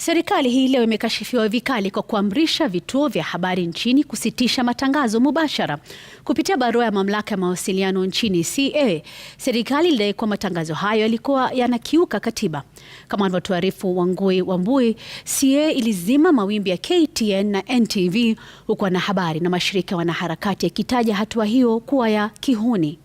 Serikali hii leo imekashifiwa vikali kwa kuamrisha vituo vya habari nchini kusitisha matangazo mubashara. Kupitia barua ya mamlaka ya mawasiliano nchini CA, serikali ilidai kuwa matangazo hayo yalikuwa yanakiuka katiba. Kama anavyotuarifu Wangui Wambui, CA ilizima mawimbi ya KTN na NTV huku wanahabari na mashirika ya wanaharakati yakitaja hatua hiyo kuwa ya kihuni.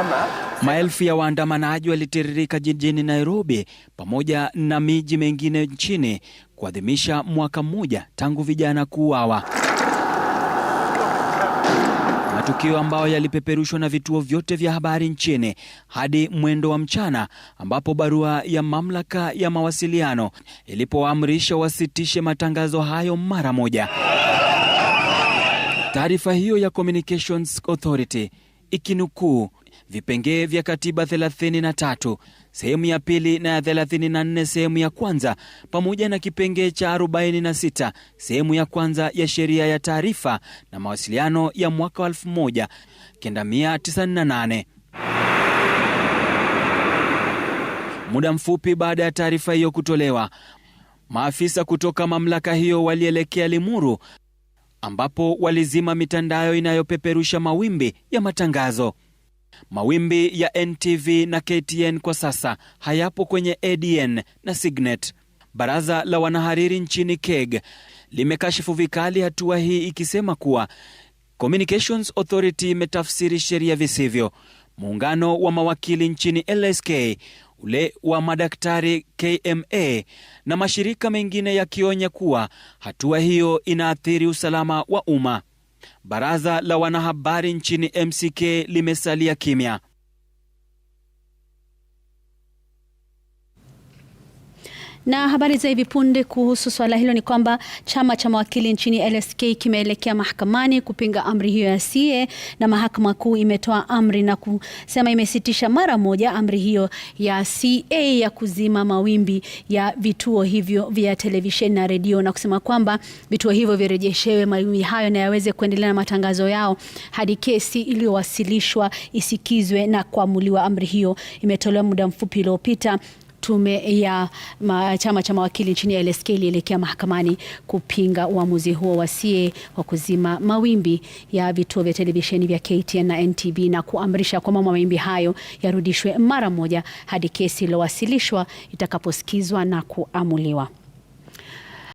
Ama? Maelfu ya waandamanaji walitiririka jijini Nairobi pamoja na miji mengine nchini kuadhimisha mwaka mmoja tangu vijana kuuawa, matukio ambayo yalipeperushwa na vituo vyote vya habari nchini hadi mwendo wa mchana, ambapo barua ya mamlaka ya mawasiliano ilipoamrisha wasitishe matangazo hayo mara moja. Taarifa hiyo ya Communications Authority ikinukuu vipengee vya katiba 33 sehemu ya pili na ya 34 sehemu ya kwanza pamoja na kipengee cha 46 sehemu ya kwanza ya sheria ya taarifa na mawasiliano ya mwaka 1998. Muda mfupi baada ya taarifa hiyo kutolewa, maafisa kutoka mamlaka hiyo walielekea Limuru ambapo walizima mitandao inayopeperusha mawimbi ya matangazo. Mawimbi ya NTV na KTN kwa sasa hayapo kwenye ADN na Signet. Baraza la wanahariri nchini KEG limekashifu vikali hatua hii ikisema kuwa Communications Authority imetafsiri sheria visivyo. Muungano wa mawakili nchini LSK, ule wa madaktari KMA na mashirika mengine yakionya kuwa hatua hiyo inaathiri usalama wa umma. Baraza la wanahabari nchini MCK limesalia kimya. Na habari za hivi punde kuhusu swala hilo ni kwamba chama cha mawakili nchini LSK kimeelekea mahakamani kupinga amri hiyo ya CA na mahakama kuu imetoa amri na kusema imesitisha mara moja amri hiyo ya CA ya kuzima mawimbi ya vituo hivyo vya televisheni na redio na kusema kwamba vituo hivyo virejeshewe mawimbi hayo na yaweze kuendelea na matangazo yao hadi kesi iliyowasilishwa isikizwe na kuamuliwa. Amri hiyo imetolewa muda mfupi uliopita Tume ya ma, chama cha mawakili nchini LSK ilielekea mahakamani kupinga uamuzi huo wa CA wa kuzima mawimbi ya vituo vya televisheni vya KTN na NTV na kuamrisha kwamba mawimbi hayo yarudishwe mara moja hadi kesi iliyowasilishwa itakaposikizwa na kuamuliwa.